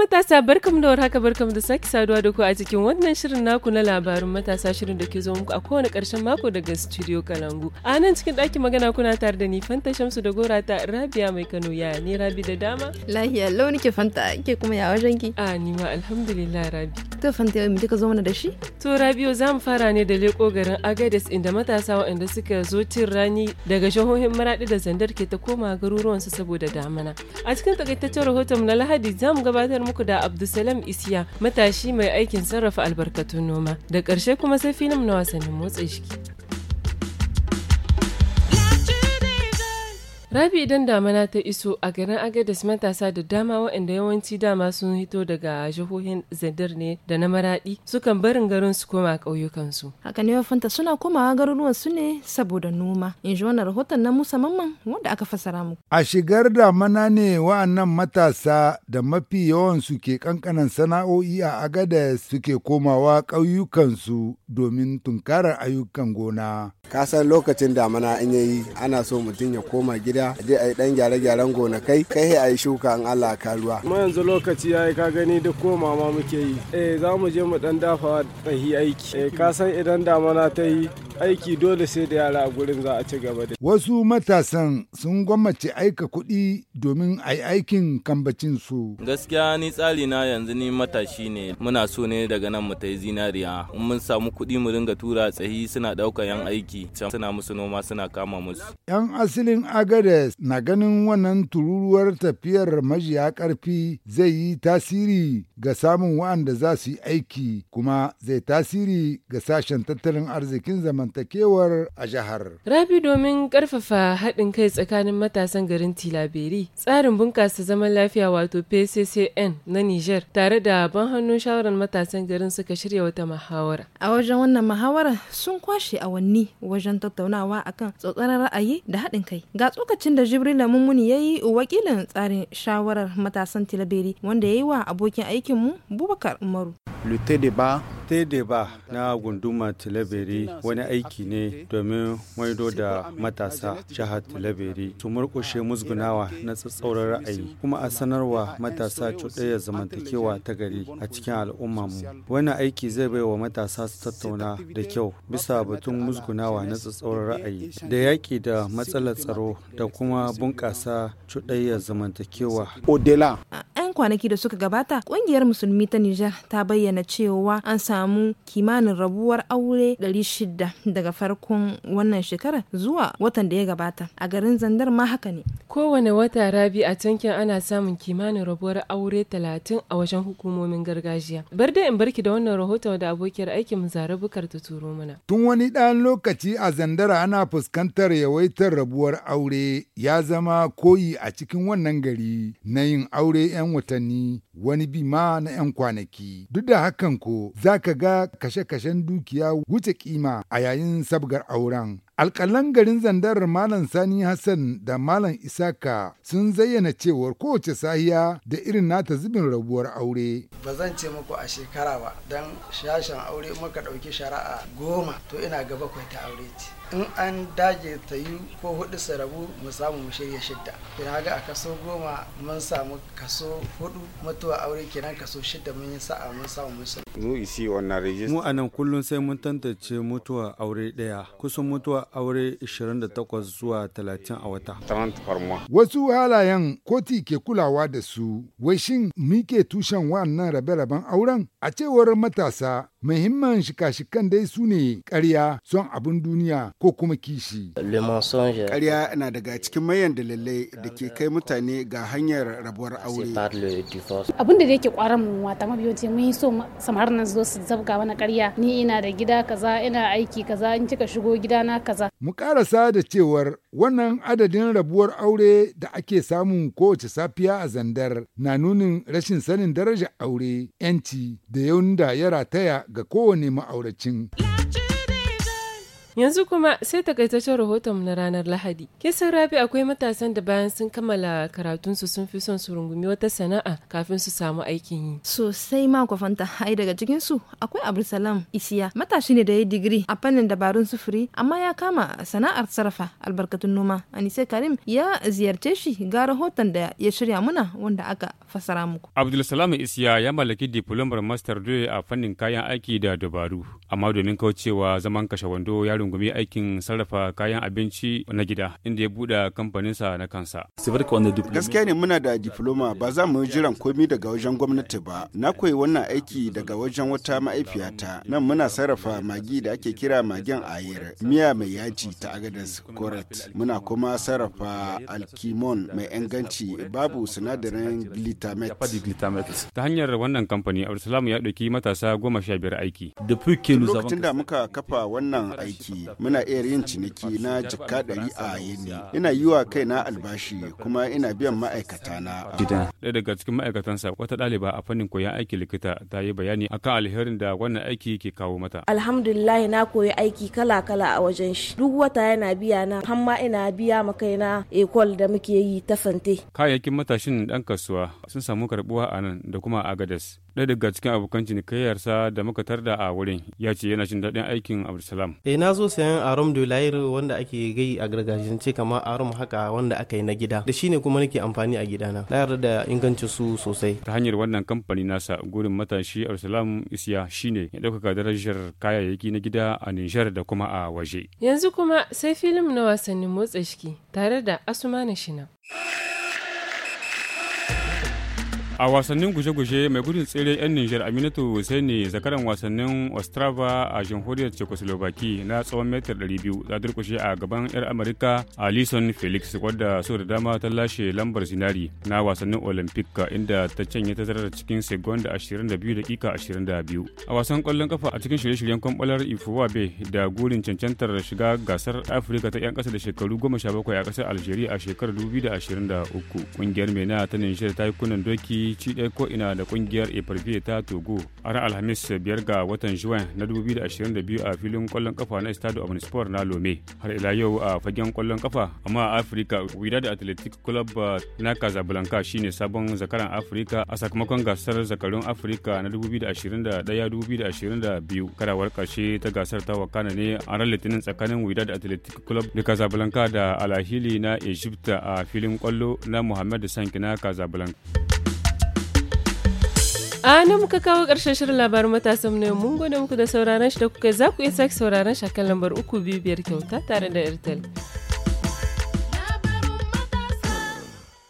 matasa barkam da warhaka barkam da sake saduwa da ku a cikin wannan shirin naku na labarin matasa shirin da ke zo muku a kowane karshen mako daga studio Kalangu. A nan cikin ɗakin magana kuna tare da ni Fanta Shamsu da Gora ta Rabia mai Kano ya ni Rabi da dama. Lahiya lau ke Fanta ke kuma ya wajen A ni ma alhamdulillah Rabi. Dr. Fante mu ka zo mana da shi? To Rabiu za mu fara ne da leko garin agades inda matasa waɗanda suka zo cin rani daga shahohin maraɗi da zandar ke ta koma garuruwansu saboda damana. A cikin takaitaccen rahoton na Lahadi za mu gabatar muku da Abdulsalam Isiya matashi mai aikin sarrafa albarkatun noma. Da ƙarshe kuma sai filim na wasannin motsa jiki. Rabi idan damana ta iso a garin agadis matasa da dama waɗanda yawanci dama sun hito daga jihohin Zandar ne da na maraɗi sukan barin garin su koma ƙauyukansu. Haka ne fanta suna komawa garuruwan su ne saboda noma. In ji wannan rahoton na Musa Mamman wanda aka fassara muku. A shigar damana ne wa'annan matasa da mafi yawan su ke kankanan sana'o'i a agadis suke komawa ƙauyukansu domin tunkarar ayyukan gona. Ka san lokacin damana in yayi ana so mutum ya koma gida gida a je a yi dan gyare-gyaren gonakai kai a yi shuka in Allah ka ruwa. Kuma yanzu lokaci ya yi ka gani duk ko mama muke yi. Eh za mu je mu dan dafa tsahi aiki. Eh ka san idan damana ta yi aiki dole sai da yara a gurin za a ci gaba da. Wasu matasan sun gwammace aika kuɗi domin a yi aikin kambacin su. Gaskiya ni tsari na yanzu ni matashi ne muna so ne daga nan mu tayi zinariya in mun samu kuɗi mu ringa tura tsayi suna ɗaukar yan aiki can suna musu noma suna kama musu. Yan asalin Agades na ganin wannan tururuwar tafiyar majiya ƙarfi zai yi tasiri ga samun wa'anda za su yi aiki kuma zai tasiri ga sashen tattalin arzikin zaman zamantakewar a jihar. Rabi domin karfafa haɗin kai tsakanin matasan garin Tilaberi, tsarin bunƙasa zaman lafiya wato PCCN na Nijar, tare da ban hannun shawarar matasan garin suka shirya wata muhawara. A wajen wannan muhawara sun kwashe awanni wajen tattaunawa akan tsotsarar ra'ayi da haɗin kai. Ga tsokacin da Jibrila Mummuni ya yi wakilin tsarin shawarar matasan Tilaberi wanda ya yi wa abokin aikinmu Bubakar Umaru. Le débat Tede ba na gunduma Tilaberi wani aiki ne domin maido da matasa jihar Tilaberi su murkushe musgunawa na tsatsauran ra'ayi kuma a sanarwa matasa cuɗaya zamantakewa ta gari a cikin al'umma Wani aiki zai bai wa matasa su tattauna da kyau bisa batun musgunawa na tsatsauran ra'ayi da yaƙi da matsalar tsaro da kuma bunƙasa cuɗayar zamantakewa. Odela. 'yan kwanaki da suka gabata ƙungiyar musulmi ta Nijar ta bayyana cewa an samu kimanin rabuwar aure 600 daga farkon wannan shekarar zuwa watan da ya gabata a garin Zandar ma haka ne. Kowane wata rabi a tankin ana samun kimanin rabuwar aure 30 a wajen hukumomin gargajiya. Bar da in barki da wannan rahoton da abokiyar aikin Zara Bukar ta turo mana. Tun wani ɗan lokaci a Zandara ana fuskantar yawaitar rabuwar aure ya zama koyi a cikin wannan gari na yin aure 'yan watanni wani bi ma na 'yan kwanaki. Duk da hakan ko za ka ga kashe-kashen dukiya wuce kima a yayin sabgar auren. Alƙalan garin zandar Malam Sani Hassan da Malam Isaka sun zayyana cewar kowace sahiya da irin nata zubin rabuwar aure. Ba zan ce muku a shekara ba, don shashen aure muka ɗauki shari'a goma to ina ga bakwai ta aure ce. in an dage ta yi ko hudu su rabu mu samu mu shirya shidda kina ga a kaso goma mun samu kaso hudu mutuwa aure kenan kaso shidda mun yi sa'a mun samu mun Mu a nan kullum sai mun tantance mutuwa aure daya kusan mutuwa aure 28 zuwa 30 a wata. Wasu halayen koti ke kulawa da su, wai shin mike tushen wannan rabe-raben auren? A cewar matasa, muhimman shika-shikan dai su ne ƙarya, son abin duniya ko kuma kishi. Ƙarya na daga cikin mayan dalilai da ke kai mutane ga hanyar rabuwar aure. Abin da ke kwaran mu wata mabiyoci mun yi so samar na zo su zabga mana karya ni ina da gida kaza ina aiki kaza in kika shigo gida na kaza mu karasa da cewar wannan adadin rabuwar aure da ake samu kowace safiya a zandar na nunin rashin sanin darajar aure yanci da yawan da ya rataya ga kowane ma'auracin. Yanzu kuma sai takaitaccen rahoton na ranar Lahadi. Kisan Rabi akwai matasan da bayan sun kammala karatunsu sun fi son su rungumi wata sana'a kafin su samu aikin yi. Sosai ma kwafanta ai daga cikin su akwai Abdulsalam Isiya matashi ne da ya digiri a fannin dabarun sufuri amma ya kama sana'ar sarrafa albarkatun noma. Anise Karim ya ziyarce shi ga rahoton da ya shirya muna wanda aka fasara muku. Abdulsalam Isiya ya mallaki diplomar Master 2 a fannin kayan aiki da dabaru amma domin kaucewa zaman kashe wando ya rungumi aikin sarrafa kayan abinci na gida inda ya buɗe kamfaninsa na kansa. Gaskiya ne muna da diploma ba za mu jiran komi daga wajen gwamnati ba. Na koyi wannan aiki daga wajen wata ma'aifiyata. Nan muna sarrafa magi da ake kira magen ayir, miya mai yaji ta agadas koret. Muna kuma sarrafa alkimon mai inganci babu sinadarin glutamate. Ta hanyar wannan kamfani, Abdulsalam ya ɗauki matasa goma sha biyar aiki. Lokacin da muka kafa wannan aiki yi muna iya yin ciniki na jikka ɗari a yini ina yi wa kaina albashi kuma ina biyan ma'aikata na ɗaya daga cikin ma'aikatansa wata ɗaliba a fannin koyon aiki likita ta yi bayani akan alherin da wannan aiki ke kawo mata alhamdulillah na koyi aiki kala kala a wajen shi duk wata yana biya na har ma ina biya ma kaina ecole da muke yi ta fante kayayyakin matashin ɗan kasuwa sun samu karɓuwa a nan da kuma a gadas ɗaya daga cikin abokan cinikayyarsa da muka tarda a wurin ya ce yana cin daɗin aikin abdulsalam eh na zo sayan arom de wanda ake gai a gargajiyance kamar arom haka wanda aka yi na gida da shine kuma nake amfani a gidana na yarda da ingancin su sosai ta hanyar wannan kamfani nasa gurin matashi abdulsalam isiya shine ya ɗaukaka darajar kayayyaki na gida a nijar da kuma a waje yanzu kuma sai filim na wasannin motsa jiki tare da asuma na shina a wasannin guje-guje mai gudun tsere 'yan niger aminatu ne zakaran wasannin ostrava a jamhuriyar czechoslovaki na tsawon metar 200 ta durkushe a gaban 'yar amurka alison felix wadda so da dama ta lashe lambar zinari na wasannin olympic inda ta canye tazarar cikin segonda 22 da ika 22 a wasan kwallon kafa a cikin shirye-shiryen kwambalar ifuwabe da gurin cancantar shiga gasar afirka ta 'yan kasa da shekaru 17 a kasar algeria a shekarar 2023 kungiyar mena ta niger ta yi kunan doki ci ɗaya ko'ina da ƙungiyar efarfe ta togo a ran alhamis biyar ga watan juwan na 2022 a filin ƙwallon kafa na estado omnisport na lome har ila yau a fagen ƙwallon ƙafa amma a afirka wida da athletic club eh, na casablanca shine sabon zakaran afirka a sakamakon gasar zakarun afirka na 2021-2022 karawar ƙarshe ta gasar ta wakana ne a ran litinin tsakanin wida da athletic club da casablanca da alahili na egypt a filin ƙwallo na muhammad sanki na casablanca a nan muka kawo ƙarshen shirin labarin matasan na mun gode muku da sauraron shi da kuka za ku iya sake sauraron shi a kan lambar uku biyu biyar kyauta tare da airtel